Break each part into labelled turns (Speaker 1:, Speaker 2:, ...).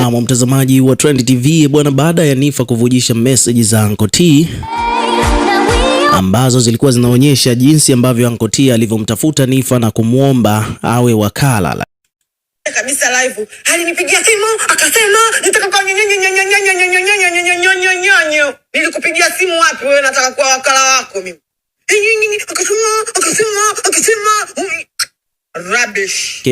Speaker 1: Naam, mtazamaji wa Trend TV bwana, baada ya Nifa kuvujisha message za Anko T ambazo zilikuwa zinaonyesha jinsi ambavyo Anko T alivyomtafuta Nifa na kumwomba awe wakala
Speaker 2: kabisa live. Alinipigia simu akasema nataka kwa nyonyo. Nilikupigia simu wapi wewe, nataka kuwa wakala wako mimi. Akasema akasema akasema rubbish.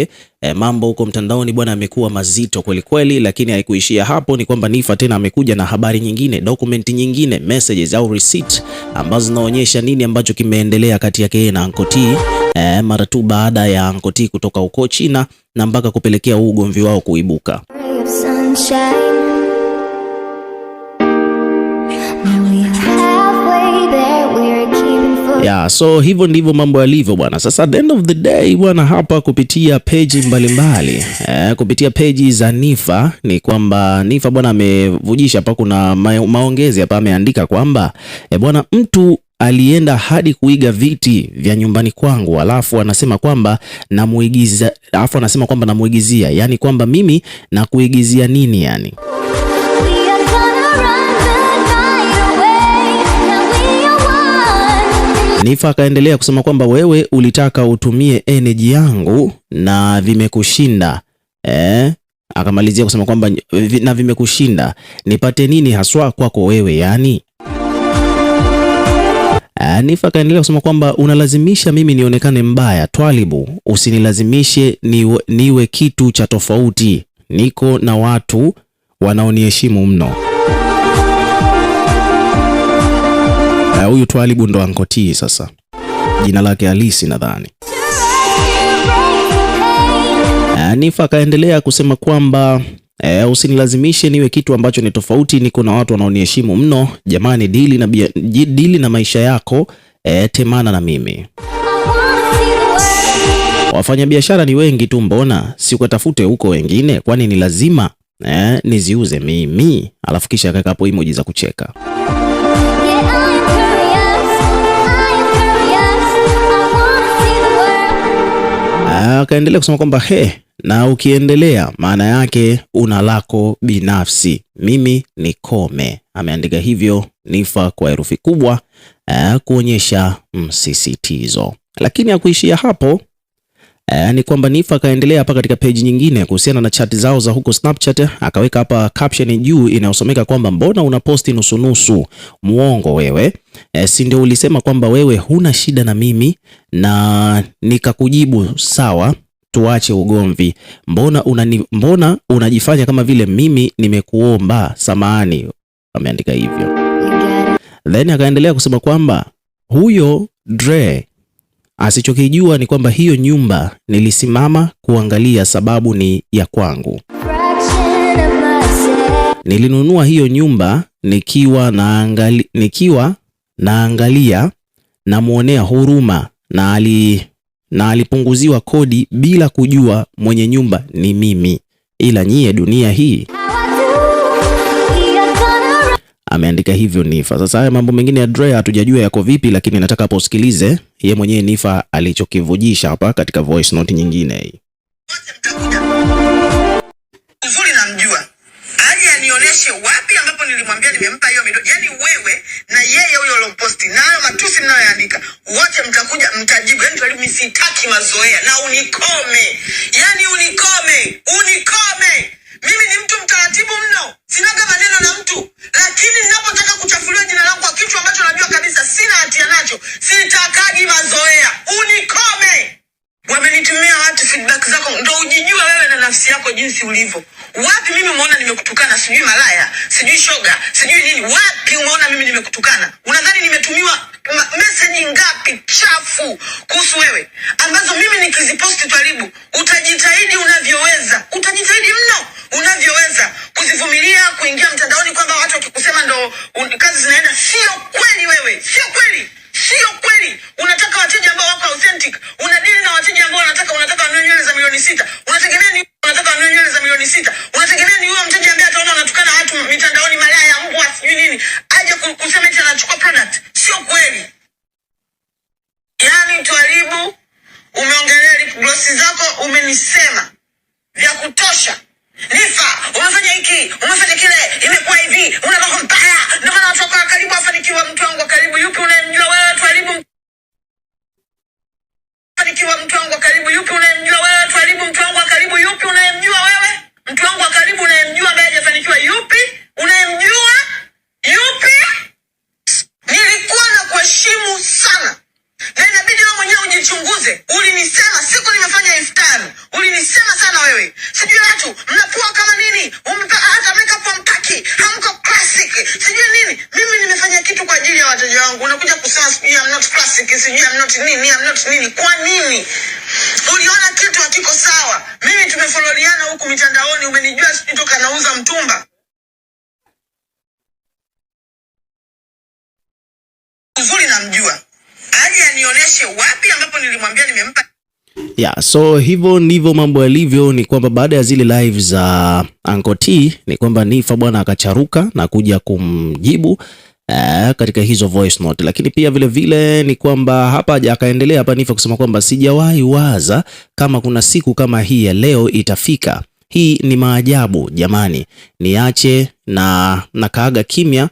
Speaker 1: E, mambo huko mtandaoni bwana amekuwa mazito kweli kweli, lakini haikuishia hapo. Ni kwamba Niffer tena amekuja na habari nyingine, dokumenti nyingine, messages au receipt ambazo zinaonyesha nini ambacho kimeendelea kati yake yeye na Anko T e, mara tu baada ya ankoti T kutoka huko China na mpaka kupelekea huu ugomvi wao kuibuka Sunshine. yeah, so hivyo ndivyo mambo yalivyo bwana. Sasa at the end of the day bwana, hapa kupitia peji mbalimbali eh, kupitia peji za Nifa ni kwamba Nifa bwana amevujisha hapa, kuna maongezi hapa ameandika kwamba eh, bwana mtu alienda hadi kuiga viti vya nyumbani kwangu, alafu anasema kwamba namuigiza, alafu anasema kwamba namuigizia, yani kwamba mimi nakuigizia nini yani Nifa akaendelea kusema kwamba wewe ulitaka utumie energy yangu na vimekushinda eh? Akamalizia kusema kwamba na vimekushinda, nipate nini haswa kwako wewe yani? Eh, Nifa akaendelea kusema kwamba unalazimisha mimi nionekane mbaya twalibu, usinilazimishe niwe, niwe kitu cha tofauti. Niko na watu wanaoniheshimu mno. huyu Twalibu ndo Ankoti sasa, jina lake halisi nadhani. Eh, Nifa akaendelea kusema kwamba e, usinilazimishe niwe kitu ambacho ni tofauti. Niko na watu wanaoniheshimu mno jamani, dili na, bia, dili na maisha yako e, temana na mimi. Wafanyabiashara ni wengi tu, mbona sikatafute huko wengine? Kwani ni lazima e, niziuze mimi? Alafu kisha akaweka hapo emoji za kucheka. Akaendelea kusema kwamba he, na ukiendelea maana yake una lako binafsi, mimi ni kome Ameandika hivyo Nifa kwa herufi kubwa eh, kuonyesha msisitizo, lakini hakuishia hapo. Uh, ni kwamba Niffer akaendelea hapa katika page nyingine kuhusiana na chat zao za huko Snapchat, akaweka hapa caption juu inayosomeka kwamba mbona unaposti nusunusu, muongo wewe. Uh, si ndio ulisema kwamba wewe huna shida na mimi na nikakujibu sawa, tuache ugomvi. Mbona unani, mbona unajifanya kama vile mimi nimekuomba samahani? Ameandika hivyo, then akaendelea kusema kwamba huyo Dre Asichokijua ni kwamba hiyo nyumba nilisimama kuangalia, sababu ni ya kwangu. Nilinunua hiyo nyumba nikiwa naangalia, nikiwa naangalia namwonea huruma na ali na alipunguziwa kodi bila kujua mwenye nyumba ni mimi, ila nyie dunia hii ameandika hivyo Nifa. Sasa haya mambo mengine ya Dre hatujajua yako vipi, lakini nataka hapo usikilize ye mwenyewe Nifa alichokivujisha hapa katika voice note nyingine hii.
Speaker 2: Uzuri namjua aje anionyeshe wapi ambapo nilimwambia nimempa hiyo midomo. Yani wewe na yeye huyo alomposti nayo matusi mnayoandika wote mtakuja mtajibu. Yani karibu misitaki mazoea na unikome, yani unikome, unikome mimi ni mtu jinsi ulivyo. Wapi mimi umeona nimekutukana? Sijui malaya, sijui shoga, sijui nini. Wapi umeona mimi nimekutukana? Unadhani nimetumiwa meseji ngapi chafu kuhusu wewe ambazo mimi nikiziposti twaribu? Utajitahidi unavyoweza, utajitahidi mno unavyoweza kuzivumilia, kuingia mtandaoni kwamba watu wakikusema ndo kazi zinaenda. Sio kweli, wewe sio kweli, sio kweli. Unataka wateja ambao wako authentic, unadili na wateja ambao wanataka unataka wanunue nywele za milioni sita, unategemea ni watoto wanaonyonya za milioni sita. Unategemea ni huyo mteja ambaye ataona anatukana watu mitandaoni, malaya, ya mbwa, sijui nini, aje kusema eti anachukua product? Sio kweli. Yani twaribu, umeongelea lip gloss zako, umenisema vya kutosha. Nifa, umefanya hiki, umefanya kile, imekuwa hivi, una roho mbaya. Ndio maana watu wako karibu afanikiwa, mtu wangu wa karibu yupi una karibu yupi unayemjua wewe? Mtu wangu wa karibu unayemjua ambaye hajafanikiwa yupi? Unayemjua yupi? Nilikuwa na kuheshimu sana, na inabidi wewe mwenyewe ujichunguze. Ulinisema siku nimefanya iftari, ulinisema sana wewe, sijui watu mnapua kama nini, hata makeup hamtaki, hamko classic, sijui nini. Mimi nimefanya kitu kwa ajili ya wateja wangu, unakuja kusema sijui I'm not classic, sijui I'm not nini, I'm not nini. Kwa nini? Uliona kitu hakiko sawa. Mimi tumefololiana huku mitandaoni, umenijua sijui toka nauza mtumba uzuri, namjua aje anionyeshe wapi ambapo nilimwambia nimempa
Speaker 1: ya yeah, so hivyo ndivyo mambo yalivyo. Ni kwamba baada ya zile live za Anko T ni kwamba Nifa bwana akacharuka na kuja kumjibu eh, katika hizo voice note. Lakini pia vile vile ni kwamba hapa akaendelea hapa Niffer kusema kwamba sijawahi waza kama kuna siku kama hii ya leo itafika. Hii ni maajabu jamani, niache na nakaaga kimya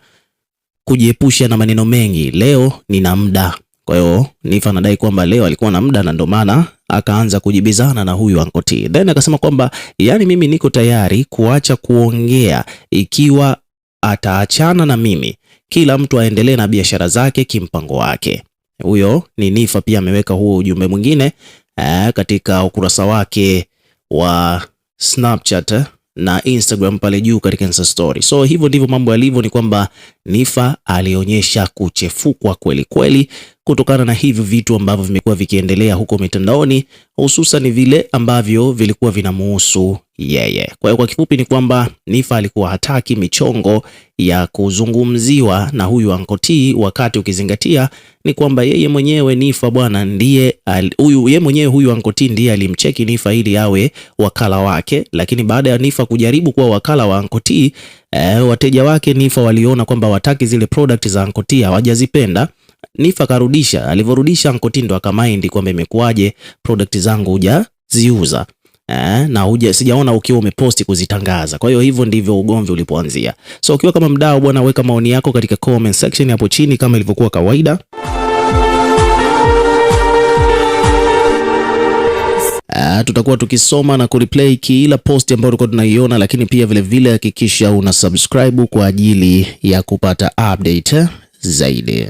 Speaker 1: kujiepusha na maneno mengi, leo nina muda. Kwa hiyo Niffer anadai kwamba leo alikuwa na muda na ndio maana akaanza kujibizana na huyu Anko T, then akasema kwamba yani, mimi niko tayari kuacha kuongea ikiwa ataachana na mimi kila mtu aendelee na biashara zake kimpango wake. Huyo ni Nifa pia ameweka huo ujumbe mwingine eh, katika ukurasa wake wa Snapchat eh, na Instagram pale juu katika Insta story. So hivyo ndivyo mambo yalivyo, ni kwamba Nifa alionyesha kuchefukwa kweli kweli kutokana na hivi vitu ambavyo vimekuwa vikiendelea huko mitandaoni, hususan vile ambavyo vilikuwa vinamuhusu yeye yeah, yeah. Kwa hiyo kwa kifupi ni kwamba Nifa alikuwa hataki michongo ya kuzungumziwa na huyu Anko T, wakati ukizingatia ni kwamba yeye mwenyewe Nifa bwana ndiye al, huyu, yeye mwenyewe huyu Anko T ndiye alimcheki Nifa ili awe wakala wake, lakini baada ya Nifa kujaribu kuwa wakala wa Anko T eh, wateja wake Nifa waliona kwamba wataki zile product za Anko T hawajazipenda. Nifa karudisha, alivyorudisha Anko T ndo akamaindi kwamba imekuwaje product zangu hujaziuza eh, na uja, sijaona ukiwa umeposti kuzitangaza. Kwa hiyo hivyo ndivyo ugomvi ulipoanzia. So ukiwa kama mdau bwana, weka maoni yako katika comment section hapo chini kama ilivyokuwa kawaida. Uh, tutakuwa tukisoma na kureplay kila posti ambayo tulikuwa tunaiona, lakini pia vilevile hakikisha una subscribe kwa ajili ya kupata update zaidi.